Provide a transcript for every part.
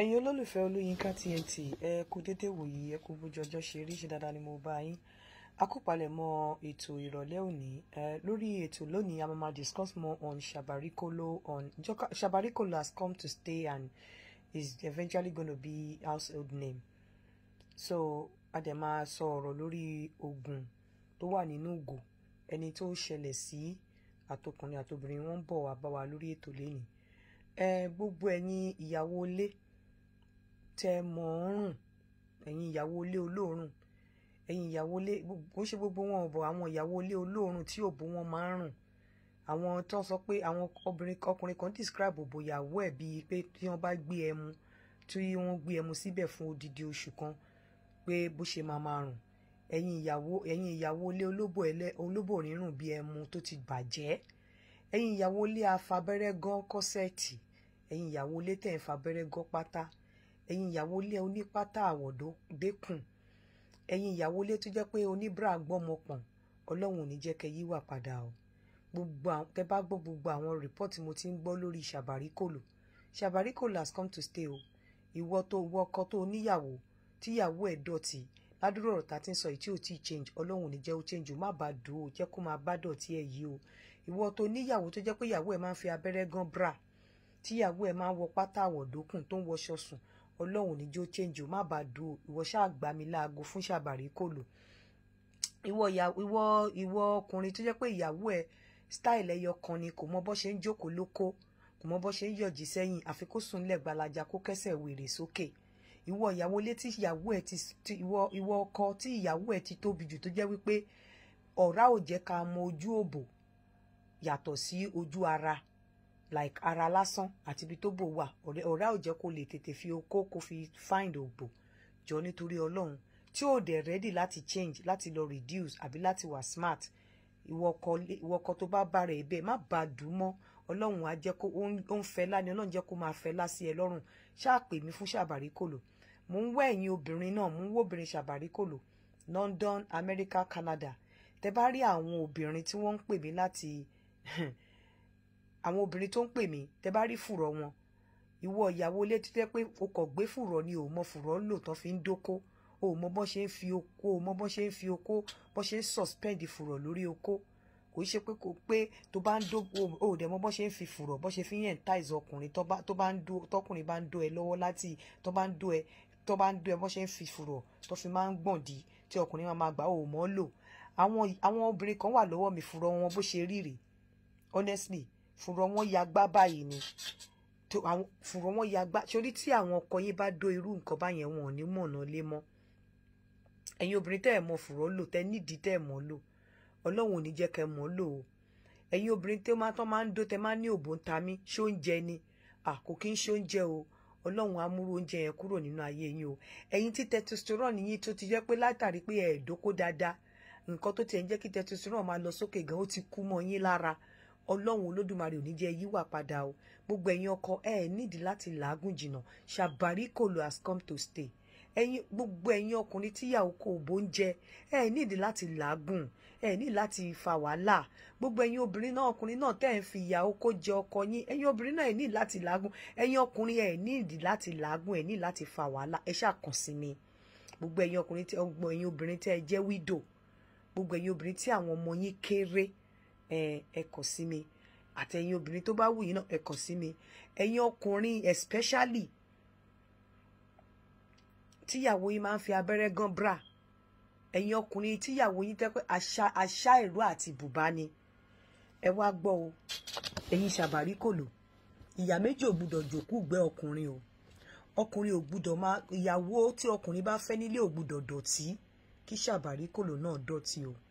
ẹ̀yin olólùfẹ́ olóyinka TNT ẹ kú dédé wòyí ẹ kú bójú ọjọ́ ṣe rí ṣe dáadáa ni mo bá yín akópalẹ̀mọ́ ètò ìrọ̀lẹ́ òní lórí ètò lónìí a máa discuss more on Shabarikolo on Shabarikolo has come to stay and is eventually gonna be household name so a dẹ̀ máa sọ ọ̀rọ̀ lórí ogun tó wà nínú ògò ẹni tó ṣẹlẹ̀ sí àtọkùnrin àtobìnrin wọn bọ̀ wá bá wa lórí ètò lẹ́nìí gbogbo ẹ̀yin ìyàwó ilé tẹ mọ̀ ọ́n rùn ìyàwó ilé olóòórùn ẹ̀yin ìyàwó ilé kò ṣe gbogbo wọn ọ̀bọ̀ àwọn ìyàwó ilé olóòórùn tí òbó wọn máa ń rùn àwọn tó sọ pé àwọn obìnrin ọkùnrin kan describe òbò ìyàwó ẹ̀ bíi pé tí wọ́n bá gbé ẹmu tí wọ́n gbé ẹmu síbẹ̀ fún odidi oṣù kan pé bó ṣe máa máa rùn ẹ̀yin ìyàwó ẹ̀yin ìyàwó ilé olóbò ẹlẹ́ olóbò rírùn bíi ẹmu tó ti bàjẹ́ ẹ̀yin ìyàwó ilé afabẹ́rẹ́ gán kọ́sẹ̀tì ẹ̀yin ìyàwó ilé tẹ̀ ń fabẹ́rẹ́ gán pátá ẹ̀yin ìyàwó ilé onípátá àwọ̀dó dẹ́kun ẹ̀yin ìyàwó ilé tó jẹ́ pé oníbra gbọ́mọ pọ̀n ọlọ́run ò ní jẹ́ kẹ́ yíwà padà o gbogbo àwọn tẹ́ bá gbọ́ gbogbo àwọn rìpọ́ọ̀tì mo ti ń gbọ́ lórí ṣàbàríkòlò ṣàbàríkòlò has come to stay o ìwọ tó wọ ọkọ tó níyàwó tíyàwó ẹ̀ dọ̀tí ládùúrò ọ̀rọ̀ tá a ti ń sọ yìí tí ò tí ì change ọlọ́run ò ní jẹ́ ó change o má bàa dùn ó jẹ́ kó máa bá dọ̀tí ẹ̀ yìí o ìwọ tó níyàwó tó jẹ́ pé ìyàwó ẹ̀ máa ń fi abẹ́rẹ́ gan bra tíyàwó ẹ̀ máa ń wọ pátá àwọ̀dókùn tó ń wọṣọ sùn ọlọ́run níjó change o má bàa du o ìwọ ṣáà gbà mí láago fún ṣàbàrí kò lò ìwọ ìwọ ọkùnrin tó jẹ́ pé ìyàwó ẹ̀ style ẹyọ kan ni kò mọ bó ṣe ń jókòó lóko kò mọ bó ṣe ń yọ̀jì sẹ́yìn àfi kó sùnlẹ̀ gbalaja kó kẹ́sẹ̀ wèrè sókè ìwọ ìyàwó ilé tí ìyàwó ẹ̀ ti ìwọ ìwọ ọkọ tí ìyàwó ẹ̀ ti tóbi jù tó jẹ́ wípé ọ̀rá ò jẹ́ ká mọ ojú òbò yàtọ̀ sí ojú ara like ara lásán àti ibi tó bò wà ọ̀rẹ́ àwùjẹ́ kò lè tètè fi okó kó fi find ògbò jọ nítorí ọlọ́run tí ò dẹ̀ ready láti change láti lọ reduce àbí láti wà smart ìwọkọ tó bá bá rẹ̀ bẹ́ẹ̀ má bàa dùn mọ́ ọlọ́run á jẹ́ kó ó ń fẹ́ lá ni ọlọ́run jẹ́ kó máa fẹ́ lá sí ẹ lọ́rùn ṣáà pè mí fún ṣàbárí kòlò mò ń wá ẹ̀yìn obìnrin náà mò ń wó obìnrin ṣàbárí kòlò London America Canada tẹ bá rí àwọn obìnrin tí wọ́n ń pè mí láti àwọn obìnrin tó ń pè mí tẹ bá rí fùrọ̀ wọn ìwọ ìyàwó ilé títẹ pé o kò gbé fùrọ̀ ni o mọ fùrọ̀ lò tán fi ń dóko o mọ bọ́n ṣe ń fi oko o mọ bọ́n ṣe ń fi oko bọ́n ṣe ń suspend fùrọ̀ lórí oko kò ṣe pé kò pé tó bá ń dó o dẹ̀ mọ bọ́n ṣe ń fi fùrọ̀ bọ́n ṣe fi ń entice ọkùnrin tó bá ń dó tọkùnrin bá ń dó ẹ lọ́wọ́ láti tó bá ń dó ẹ tó bá ń dó ẹ bọ́n ṣe ń fi fùrọ̀ tó fi máa ń gbọ̀ndì tí ọkùnrin máa máa gbà o mọ́ lò àwọn obìnrin kan wà lọ́wọ́ mi fùrọ̀ wọn bó ṣe rí rèé honestly fúnra wọn yagbá báyìí ni fúnra wọn yagbá sórí tí àwọn ọkọ yìí bá dó irú nǹkan báyẹn wọn ò ní mọ̀nà lé mọ́ ẹ̀yin obìnrin tẹ́ ẹ̀ mọ fùrọ̀ ń lò tẹ́ nídìí tẹ́ ẹ̀ mọ́ lò ọlọ́run ò ní jẹ́ kẹ́ mọ́ lò ó ẹ̀yin obìnrin tẹ́ máa tán máa ń dó tẹ́ máa ní òbò ń ta mí ṣóúnjẹ ni àkó kí ń ṣóúnjẹ o ọlọ́run á múrú oúnjẹ yẹn kúrò nínú ayé yín o ẹ̀yin tí testosterone yín tó ti jẹ́ pé látàrí pé ẹ̀ dáadáa nǹkan tó ti ẹ̀ ń jẹ́ kí testosterone máa lọ sókè gan ó ti kú mọ́ yín lára ọlọ́run olódùmarè ò ní jẹ́ yíwà padà o gbogbo ẹ̀yin ọkọ ẹ nídìí láti làágùn jìnnà ṣàbáríkòlò has come to stay ẹ̀yin gbogbo ẹ̀yin ọkùnrin tíyàwó kò bó ń jẹ ẹ nídìí láti làágùn ẹ ní láti fa wàhálà gbogbo ẹ̀yin obìnrin náà ọkùnrin náà tẹ́ ẹ̀ ń fi ìyàwó kó jẹ ọkọ yín ẹ̀yin obìnrin náà ẹ ní láti làágùn ẹ̀yin ọkùnrin ẹ nídìí láti làágùn ẹ ní láti fa wàhálà ẹ ṣáà sí mi gbogbo ẹ̀yin ọkùnrin tẹ́ gbogbo ẹ̀yin obìnrin tẹ́ jẹ́ wídò gbogbo ẹ̀yin obìnrin tí àwọn ọmọ yín kéré ẹ kọ sí mi àtẹ̀yin obìnrin tó bá wù yín náà ẹ sí mi ẹ̀yin ọkùnrin especially tíyàwó yín máa ń fi abẹ́rẹ́ gan bra ẹ̀yin ọkùnrin tíyàwó yín tẹ́ pé àṣà àṣà ìró àti bùbá ni ẹ wá gbọ́ o ẹ̀yin ṣàbárí kò lò ìyá méjì ò gbúdọ̀ jòkú gbẹ́ ọkùnrin o ọkùnrin ò gbúdọ̀ máa ìyàwó tí ọkùnrin bá fẹ́ nílé ò gbúdọ̀ dọ̀tí kí ṣàbárí kò lò náà dọ̀tí o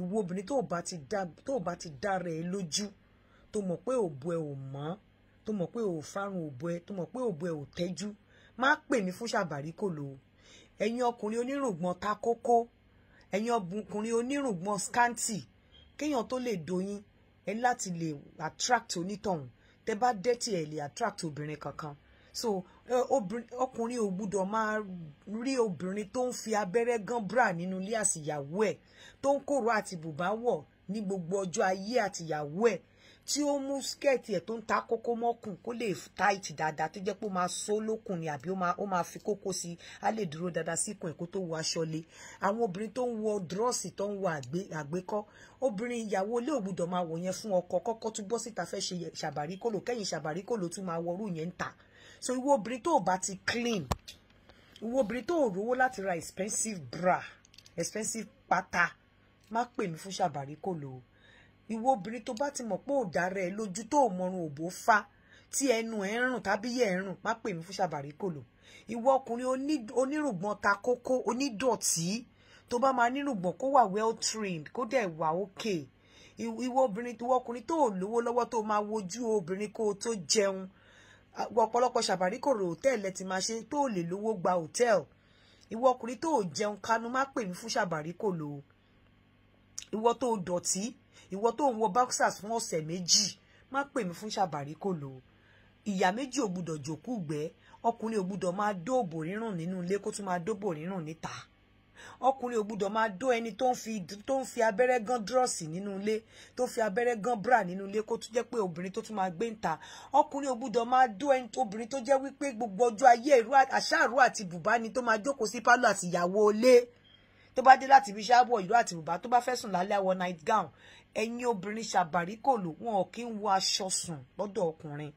ìwọ obìnrin tó bá ti dá tó bá ti dá rẹ̀ lójú tó mọ̀ pé òbò ẹ̀ ò mọ́ tó mọ̀ pé ò fárun òbò ẹ̀ tó mọ̀ pé òbò ẹ̀ ò tẹ́jú má pè mí fún ṣàbàríkòlò ẹ̀yin ọkùnrin onírùngbọ̀n ta kókó ẹ̀yin ọkùnrin onírùngbọ̀n scanty kéèyàn tó lè doyin ẹ láti lè attract onítọ̀hún tẹ bá dẹ́tì ẹ̀ lè attract obìnrin kankan so ọkùnrin ò gbúdọ̀ máa rí obìnrin tó ń fi abẹ́rẹ́ gán bra nínú ilé àtìyàwó ẹ̀ tó ń kòrò àti bùbá wọ̀ ní gbogbo ọjọ́ ayé àtìyàwó ẹ̀ tí ó mú skẹ́ẹ̀tì ẹ̀ tó ń ta kókó mọ́kùn kó lè táìtì dáadáa tó jẹ́ pé ó máa só lókùn ni àbí ó máa fi kókó sí i á lè dúró dáadáa síkùn ẹ̀ kó tó wọ aṣọ lé àwọn obìnrin tó ń wọ dírọ́ọ̀sì tó ń wọ àgbékọ́ obìnrin ìyàwó ilé ògbúdọ̀ máa wọ̀ yẹn fún ọkọ kọ́kọ́ tún bọ́ síta fẹ́ ṣe ṣàbàríkòlò kẹ́yìn ṣàbàríkòlò tún máa wọrú yẹn ń ta so ìwọ obìnrin tó o bá ti clean ìwọ obìnrin tó o rówó láti ra expensive bra expensive pátá má pè mí fún ṣàbàrí kò lò ó ìwọ obìnrin tó bá ti mọ̀ pé òdà rẹ̀ lójú tó o mọ̀run òbó fa tí ẹnu ẹ̀ ń rùn tàbí yẹ̀ ń rùn má pè mí fún ṣàbàrí kò lò ìwọ ọkùnrin onírùgbọ̀n ta kókó onídọ̀tí tó bá máa nírùgbọ̀n kó wà well trained kó dẹ̀ wà okay ìwọ obìnrin ìwọ ọkùnrin tó o lówó lọ́wọ́ tó o máa wojú obìnrin kó o tó jẹun ọ̀pọ̀lọpọ̀ ṣàbàríkòrò hòtẹ́ẹ̀lì ti máa ṣe tó lè lówó gba hòtẹ́ẹ̀lì ìwọ ọkùnrin tó jẹun kanu má pè mí fún ṣàbàríkòrò ìwọ tó dọ̀tí ìwọ tó ń wọ boxers fún ọ̀sẹ̀ méjì má pè mí fún ṣàbàríkòrò ìyá méjì ò gbúdọ̀ jòkú gbẹ́ ọkùnrin ò gbúdọ̀ máa dóòbò rírùn nínú ilé kó tún máa dóòbò rírùn níta ọkùnrin ò gbúdọ̀ máa dó ẹni tó ń fi abẹ́rẹ́ gan dírọ́ọ̀sì nínú ilé tó fi abẹ́rẹ́ gan bra nínú ilé kó tún jẹ́ pé obìnrin tó tún máa gbé ń ta ọkùnrin ò gbúdọ̀ máa dó ẹni obìnrin tó jẹ́ wípé gbogbo ọjọ́ ayé ìrú àṣàrú àti bùbá ni tó máa jókòó sí pálọ̀ àti ìyàwó ilé tó bá dé láti ibi iṣẹ́ àbọ̀ ìró àti bùbá tó bá fẹ́ sùn lálẹ́ àwọ̀ night gown ẹ̀yin obìnrin ṣàbàríkòlò wọn ò kí wọ aṣọ sùn lọ́dọ̀ ọkùnrin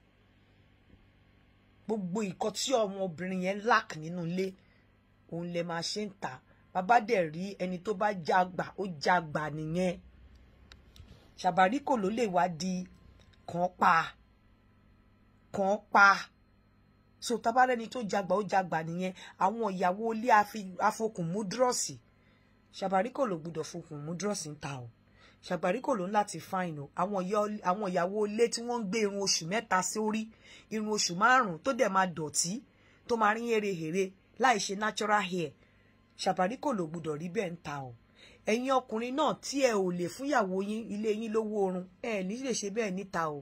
gbogbo ìkọ́ ọmọ obìnrin yẹn lack nínú ilé òun lè máa ṣe ń ta bàbá dẹ̀ rí ẹni tó bá jàgbà ó jàgbà nìyẹn ṣàbáríkò ló lè wá di kàn pa kàn pa so tabarẹni tó jàgbà ó jàgbà nìyẹn àwọn ìyàwó ilé afokùn mú dírọ̀sì ṣàbáríkò ló gbúdọ̀ fokùn mú dírọ̀sì ń ta o ṣàgbáríkò ló ń láti fáìn o àwọn ìyàwó ilé tí wọ́n ń gbé irun oṣù mẹ́ta sórí irun oṣù márùn-ún tó dẹ̀ máa dọ̀tí tó máa rí hérehère láì ṣe natural hair ṣàbáríkò ló gbúdọ̀ rí bẹ́ẹ̀ ń ta o ẹ̀yin ọkùnrin náà tí ẹ ò lè fúnyàwó yín ilé yín lówó oorun ẹ ní lè ṣe bẹ́ẹ̀ níta o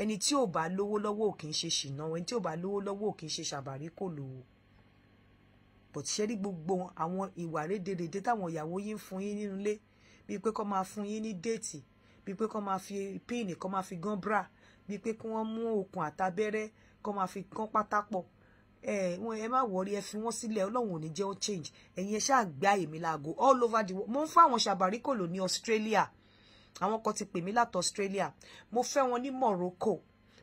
ẹni tí ò bá lówó lọ́wọ́ ò kì í ṣe ṣìnà ẹni tí ò bá lówó lọ́wọ́ ò kì í ṣe ṣàbáríkò lówó bọ̀ ṣe rí gbogbo àwọn ìwà rédèrèdè táwọn ìyàwó yín ń fún yín nínú ilé bíi pé kó máa fún yín ní déètì bíi pé kó máa fi píìnì kó máa fi gán bra bíi pé kí wọ́n mú okùn àtàbẹ́rẹ́ kó máa fi gán pátápọ̀ ẹ wọn ẹ má wọrí ẹ fi wọn sílẹ̀ Ọlọ́run ò ní jẹ́ ó change ẹ̀yin ẹ ṣáà gbá èmi láago all over the world mo ń fún àwọn ṣàbáríkò lò ní Australia àwọn kan ti pè mí láti Australia mo fẹ́ wọn ní Morocco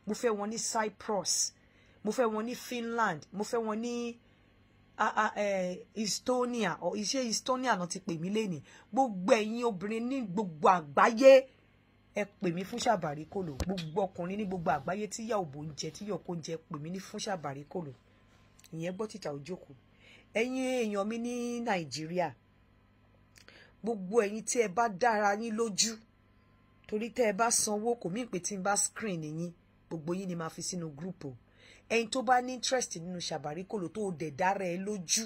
mo fẹ́ wọn ní Cyprus mo fẹ́ wọn ní Finland mo fẹ́ wọn ní Estonia ọ iṣẹ Estonia náà ti pè mí lẹ́nìí gbogbo ẹ̀yin obìnrin ní gbogbo àgbáyé ẹ pè mí fún ṣàbáríkòlò gbogbo ọkùnrin ní gbogbo àgbáyé tíyà òbò ń jẹ tíyà òkò ń jẹ pè mí ní fún ṣàbáríkòlò ìyẹn gbọ́ títà òjòkó ẹ̀yin èèyàn mi ní nàìjíríà gbogbo ẹ̀yin tí ẹ bá dára yín lójú torí tẹ́ ẹ bá sanwó kò mí pé tí n bá screen yín gbogbo yín ni màá fi sínú group ẹ̀yin tó bá ní interest nínú ṣàbáríkòlò tó dẹ̀ dára ẹ lójú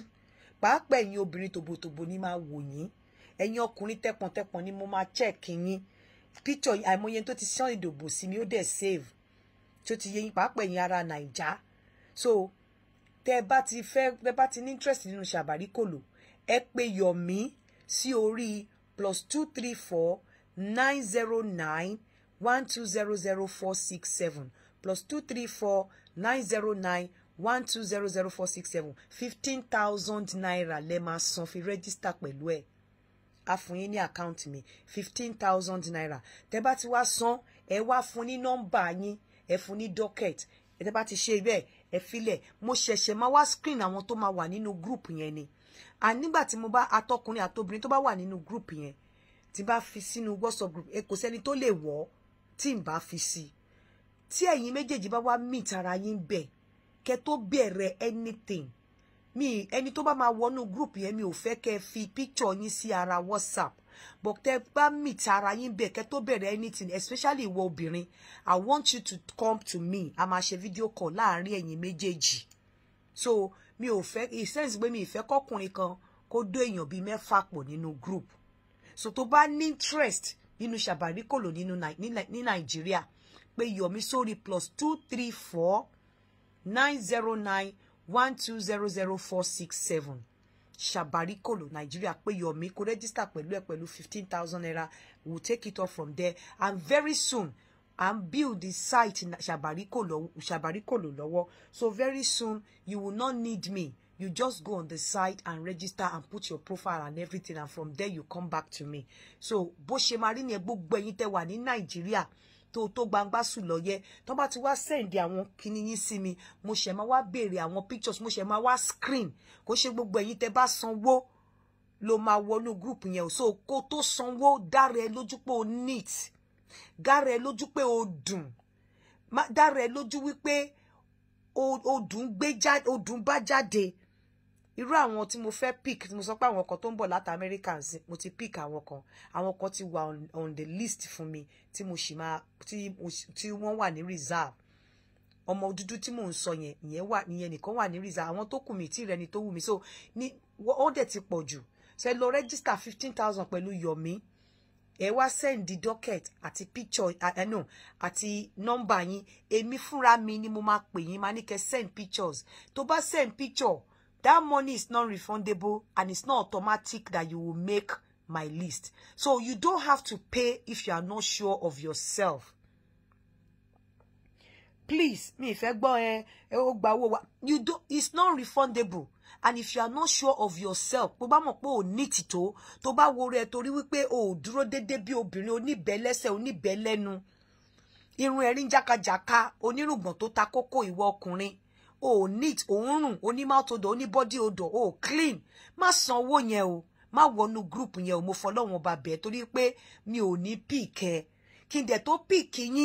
pàápàá ẹ̀yin obìnrin tòbòtòbò ni máa wò yín ẹ̀yin ọkùnrin tẹpọ̀ntẹpọ̀n ni mo máa check yín picture àìmọye tó ti sàn ìdòbò sí mi ó dẹ̀ save tó ti yẹ yín pàápàá ẹ̀yin ara nàìjá so tẹ́ bá ti fẹ́ tẹ́ bá ti ní interest nínú ṣàbárí kòlò ẹ pè Yọ̀mí sí orí plus two three four nine zero nine one two zero zero four six seven plus two three four nine zero nine one two zero zero four six seven fifteen thousand naira lẹ máa san fi rẹ́gísítà pẹ̀lú ẹ̀ a fún yín ní àkáǹtì mi fifteen thousand naira tẹ́ bá ti wá san ẹ wá fún ní nọ́mbà yín ẹ fún ní docket ẹ tẹ́ bá ti ṣe bẹ́ẹ̀ ẹ filẹ̀ mo ṣẹ̀ṣẹ̀ máa wá screen àwọn tó máa wà nínú group yẹn ni à nígbà tí mo bá atọkùnrin àtobìnrin tó bá wà nínú group yẹn tí bá fi sínú whatsapp group ẹ kò sẹ́ni tó lè wọ̀ tí n bá fi sí tí ẹ̀yin méjèèjì bá wá meet ara yín bẹ̀ kẹ́ tó bẹ̀rẹ̀ anything mi ẹni tó bá máa wọnú group yẹn mi ò fẹ́ kẹ́ fi picture yín sí ara whatsapp but tẹ bá meet ara yín be, kẹ́ to bẹ̀rẹ̀ anything especially ìwọ obìnrin i want you to come to me a máa ṣe video call láàárín ẹ̀yin méjèèjì so mi ò fẹ́ ìsẹ́ǹsì pé mi ìfẹ́ kọkùnrin kan kó dó èèyàn bíi mẹ́fà pọ̀ nínú group so tó bá ní interest nínú ṣàbàríkòlò nínú ní nàìjíríà pé yọ̀mí sórí plus two three four nine zero nine one two zero zero four six seven ṣàbáríkòlò nàìjíríà pé yọ̀mí kó rẹ́gísítà pẹ̀lú ẹ̀ pẹ̀lú fifteen thousand naira we will take it off from there and very soon and build the site ṣàbáríkòlò ṣàbáríkòlò lọ́wọ́ so very soon you will not need me you just go on the site and register and put your profile and everything and from there you come back to me so bó ṣe máa rí ni ẹ gbogbo ẹ̀yin tẹ́ wà ní nàìjíríà tó tó gbangba sùn lọ́yẹ́ tó bá ti wá sẹ́ǹdì àwọn kinní yín sí mi mo ṣẹ̀ máa wá béèrè àwọn pictures mo ṣẹ̀ máa wá screen kó ṣe gbogbo ẹ̀yin tẹ́ bá sanwó ló máa wọnú group yẹn so kó tó sanwó dára ẹ lójú pé o neat dára ẹ lójú pé o dùn dára lójú wípé o dùn gbé jáde o dùn bá jáde irú àwọn tí mo fẹ́ pick tí mo sọ pé àwọn kan tó ń bọ̀ láti Amẹ́ríkà sí mo ti pick àwọn kan àwọn kan ti wà on, on the list fún mi tí mo sì máa tí, tí wọ́n wà ní reserve ọmọ dúdú tí mò ń sọ yẹn ìyẹn wà ìyẹn nìkan wà ní reserve àwọn tó kù mí tí rẹni tó wù mí so ní ó dẹ̀ ti pọ̀ jù ṣe lọ register fifteen thousand pẹ̀lú Yomi ẹ wá sẹ́ǹdì docket àti picture ẹ no àti nọ́mbà yín èmi fúnra mi ni mo máa pè yín máa ní kẹ́ send pictures tó bá send picture that money is non-refundable and it's not automatic that you will make my list. So you don't have to pay if you are not sure of yourself. Please, me fẹ́ gbọ́ ẹ eh, eh, ó gba You do it's non-refundable and if you are not sure of yourself, bó bá mọ̀ pé o ní tìtó, tó bá wo rẹ̀ torí wípé o ò dúró déédéé bí obìnrin oníbẹ̀lẹ́sẹ̀ oníbẹ̀lẹ́nu. Irun ẹ̀rín jákajàka onírùngbọ̀n tó ta kókó ìwọ ọkùnrin o ò neat òórùn onímọ̀tò odò oníbọ́dí odò o ò clean má san owó yẹn o má wọnú group yẹn o mo fọlọ́wọ́n ba bẹ́ẹ̀ torí pé mi ò ní pick ẹ kí n dẹ̀ tó pick yín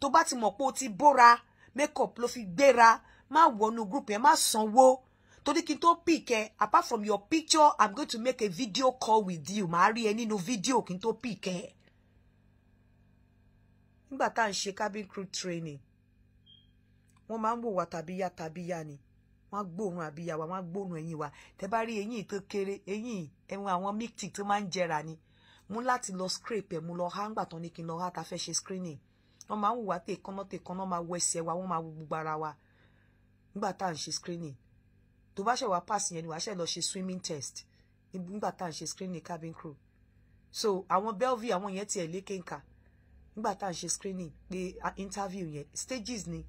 tó bá ti mọ̀ pé o ti bóra makeup ló fi gbéra má wọnú group yẹn má sanwó torí kí n tó pick ẹ apart from your picture i'm going to make a video call with you màá rí ẹ nínú fídíò kí n tó pick ẹ nígbà tá à ń ṣe cabin crew training wọ́n máa ń wò wá tàbíyá tàbíyá ni wọ́n á gbóòórùn àbíyá wa wọ́n á gbóòórùn eyín wa tẹ́ bá rí eyín tó kéré eyín ẹ̀wọ̀n àwọn mictic tó máa ń jẹrà ni mú láti lọ scrape ẹ̀ mú lọ hángbà tán ní kí n lọ há ta fẹ́ ṣe screening wọ́n máa ń wò wá tèkánná tèkánná máa wọ ẹsẹ̀ wa wọ́n máa wo gbogbo ara wa nígbà tá à ń ṣe screening tó bá ṣe wá pass yẹn ni wàá ṣe lọ ṣe swimming test nígbà tá à ń ṣe screening cabin crew so àwọn Bellevue àwọn yẹn tiẹ̀ lékèǹkà nígbà tá à ń ṣe screening pé interview yẹn stages ni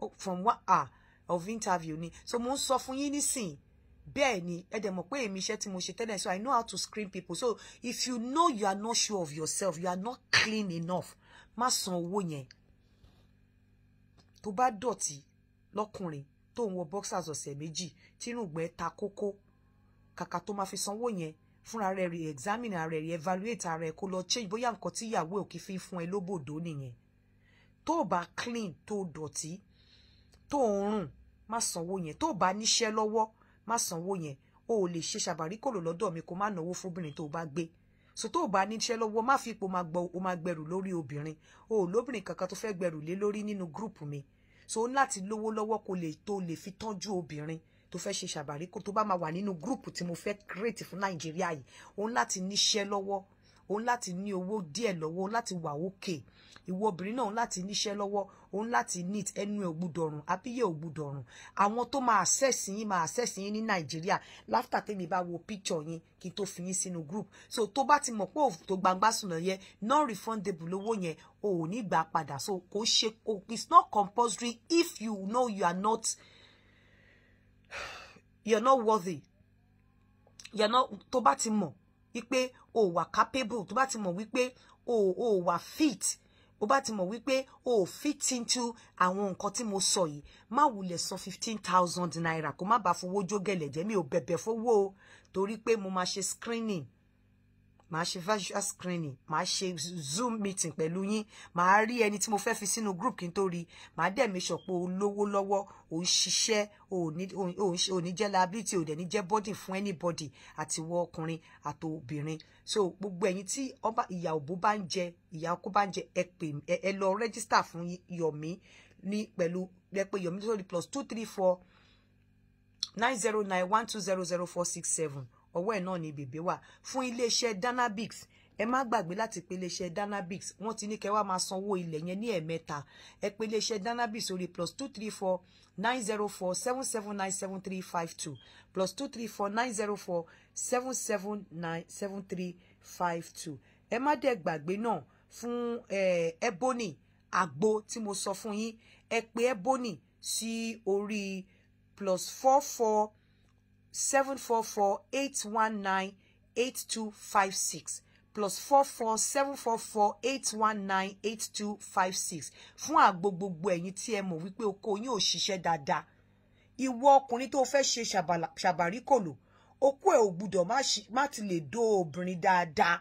Oh, from one hour ah, of interview ni so mo ń sọ fún yín nísìn ni ẹ dẹ̀ mọ̀ pé èmi iṣẹ́ tí mo ṣe tẹ́lẹ̀ so I know how to screen people so if you know you are not sure of yourself you are not clean enough má san owó yẹn tó bá dọ̀tí lọ́kùnrin tó ń wọ boxers ọ̀sẹ̀ méjì tírùngbẹ́ ta kókó kàkà tó máa fi sanwó yẹn fúnra rẹ̀ rí examine ara rẹ̀ evaluate ara rẹ̀ kó lọ change bóyá nǹkan tí ìyàwó ò kì í fi fún ẹ lóbòdó nìyẹn tó bá clean tó o dọ̀tí tó ń rùn má sanwó yẹn tó bá níṣẹ́ lọ́wọ́ má sanwó yẹn o ò lè ṣe ṣàbàríkòlò lọ́dọ̀ mi kó má náwó fóbìnrin tó bá gbé so tó bá níṣẹ́ lọ́wọ́ má fi ipò máa gbẹrù lórí obìnrin o ò lóbìnrin kankan tó fẹ́ gbẹrù lé lórí nínú gúrùpù mi so ó láti lówó lọ́wọ́ kó lè tó lè fi tọ́jú obìnrin tó fẹ́ ṣe ṣàbàríkòlò tó bá máa wà nínú gúrùpù tí mo fẹ́ create fún Nàìjíríà yìí òun láti níṣẹ́ lọ́wọ́ òun láti ní owó díẹ̀ lọ́wọ́ òun láti wà òkè ìwọ obìnrin náà òun láti níṣẹ́ lọ́wọ́ òun láti neat ẹnu ẹ̀ ògbúdọ̀rùn abíyẹ ògbúdọ̀rùn àwọn tó máa àṣẹ̀sì yín máa àṣẹ̀sì yín ní nàìjíríà láfítà tèmi bá wo píkṣọ̀ yín kí n tó fi yín sínú group so tó bá ti mọ̀ pé òfò tó gbangba sùnà yẹn non refundable lówó yẹn o ò ní gbà padà so kò ṣe kò it's not compulsory if you know you are not you are not worthy you are not tó bá ti mọ̀ wípé o wà capable tó bá ti mọ̀ wípé o o wà fit o bá ti mọ̀ wípé o fit into àwọn nǹkan tí mo sọ yìí má wulẹ̀ sọ fifteen thousand naira kó má bàa fowó jó gẹ̀lẹ̀ jẹ́ mi ò bẹ̀bẹ̀ fowó o torí pé mo máa ṣe screening màá ṣe virtual screening màá ṣe zoom meeting pẹ̀lú yín màá rí ẹni tí mo fẹ́ fi sínú group kí n tó rí màá dẹ̀ mi ṣọ̀pọ̀ olówó lọ́wọ́ ò ń ṣiṣẹ́ ò ní jẹ́ liability ò dẹ̀ ní jẹ́ burden fún anybody àti wọ ọkùnrin àti obìnrin so gbogbo ẹ̀yin tí ìyà òbó bá ń jẹ ìyà ọkọ bá ń jẹ ẹ pè ẹ lọ register fún Yomi ní pẹ̀lú ẹ pè Yomi sórí plus two three four nine zero nine one two zero zero four six seven ọwọ́ ẹ̀ náà ni bèbè wà fún iléeṣẹ́ Danabics ẹ má gbàgbé láti pe iléeṣẹ́ Danabics wọ́n ti ní kẹ́ wá máa sanwó ilẹ̀ yẹn ní ẹ̀mẹ́ta ẹ pe iléeṣẹ́ Danabics orí plus two three four nine zero four seven seven nine seven three five two plus two three four nine zero four seven seven nine seven three five two ẹ má dẹ̀ gbàgbé náà fún Ebony àgbo tí mo sọ fún yín ẹ pe Ebony sí orí plus four four seven four four eight one nine eight two five six plus four four seven four four eight one nine eight two five six fún àgbo gbogbo ẹ̀yin tí ẹ mọ̀ wípé oko yín ò ṣiṣẹ́ dáadáa ìwọ ọkùnrin tó fẹ́ ṣe ṣàbàríkòlò okó ẹ̀ ò gbúdọ̀ má ti lè dó obìnrin dáadáa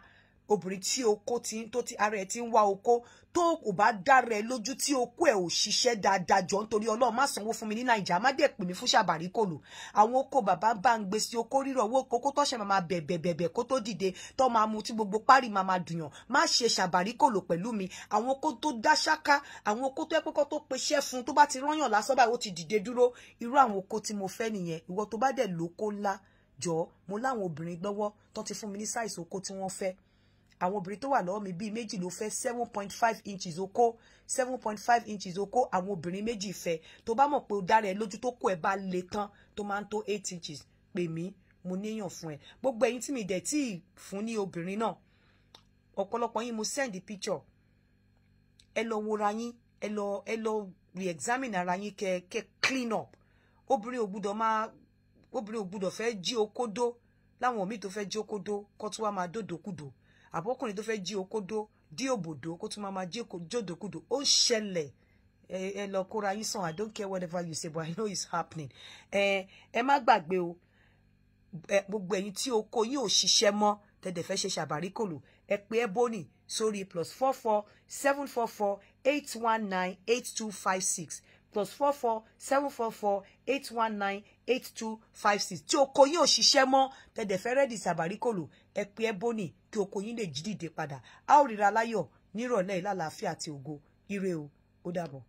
obìnrin tí okó ti ń tó ti ara ẹ̀ ti ń wá okó tó kò bá dára ẹ lójú tí okó ẹ̀ ò ṣiṣẹ́ dáadáa jọ nítorí Ọlọ́run má sanwó fún mi ní Nàìjíríà má dẹ̀ pè mí fún ṣàbàrí kò lò àwọn okó bàbá bá ń gbé sí okó rírọ̀ owó okó tó ṣe máa bẹ̀bẹ̀bẹ̀bẹ̀ kó tó dìde tó máa mu tí gbogbo parí máa máa dùyàn má ṣe ṣàbàrí kò lò pẹ̀lú mi àwọn okó tó dá ṣáká àwọn okó tó ẹ̀kọ́kọ́ tó peṣẹ́ fún tó bá ti rányàn lásán báyìí ó ti dìde dúró àwọn obìnrin tó wà lọ́wọ́ mi bíi méjì ló fẹ́ seven point five inches okó seven point five inches okó àwọn obìnrin méjì fẹ́ tó bá mọ̀ pé o dára ẹ lójú tó kó ẹ bá le tán tó máa ń tó eight inches pè mí mo níyàn fún ẹ gbogbo ẹ̀yin tí mi dẹ̀ tí ì fún ní obìnrin náà ọ̀pọ̀lọpọ̀ yín mo send picture ẹ lọ wora yín ẹ lọ ẹ lọ re-examine ara yín kẹ kẹ clean up obìnrin ò gbúdọ̀ máa obìnrin ò gbúdọ̀ fẹ́ jí okódó láwọn míì tó fẹ́ jí okódó kó tún wá máa dòdòkúdò. Do àbọ̀kùnrin tó fẹ́ jí okódó dí òbòdó kó tún máa jí jódòkúdò ó ṣẹlẹ̀ ẹ lọ kóra yín sàn i don't care whatever you say but i know it's happening ẹ eh, má gbàgbé o gbogbo ẹ̀yin tí oko yín ò ṣiṣẹ́ mọ́ tẹ̀dẹ̀ fẹ́ ṣe ṣàbáríkòlò ẹ pé ẹ bóni sórí plus four four seven four four eight one nine eight two five six plus four four seven four four eight one nine eight two five six tí oko yín ò ṣiṣẹ́ mọ́ tẹ̀dẹ̀ fẹ́ rẹ́dì ṣàbáríkòlò ẹ pé Ebony kí oko yín lè jí dìde padà a ó ríra láyọ̀ nírọ̀lẹ́ ìlàlàáfíà àti ògo ire o ó dàbọ̀.